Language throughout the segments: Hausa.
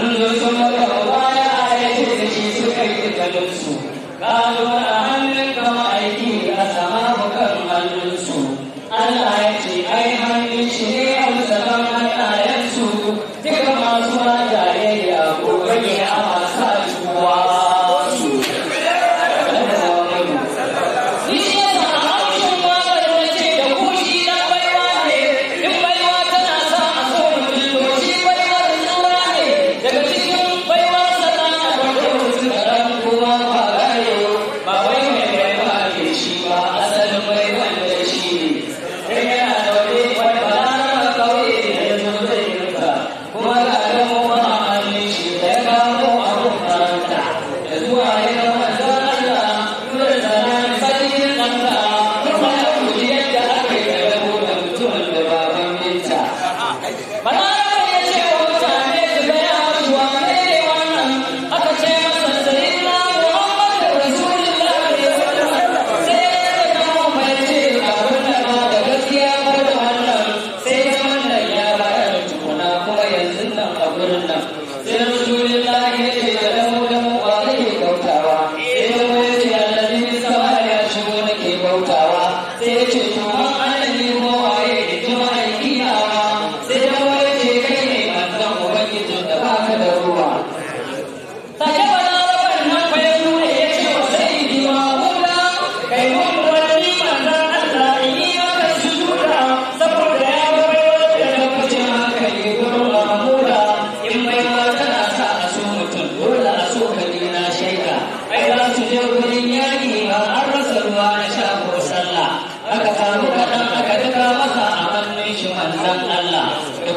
Allah ya ayyace shi su kai kalansu. Kalu a hannun kawai.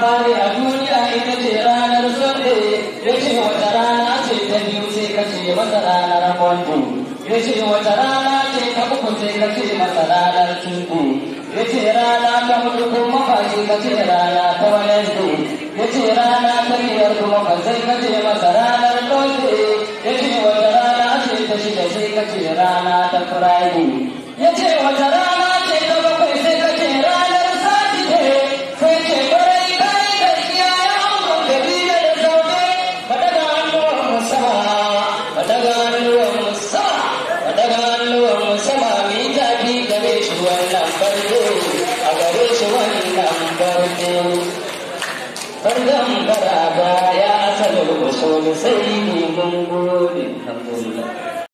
fari a duniya ita ce ranar zobe ya ce wata rana ce ta biyu sai ka ce masa ranar mondu ya ce wata rana ce ta uku sai ka ce masa ranar tudu ya ce rana ta hudu kuma ba sai ka ce rana ta walensu ya ce rana ta biyar kuma ba sai ka masa ranar dole ya ce wata rana ce ta shida sai ka rana ta furayi ya ce wata rana a gare shi wannan farko farkon baraba ya asalin usul sai ne mun gode alhamdulillah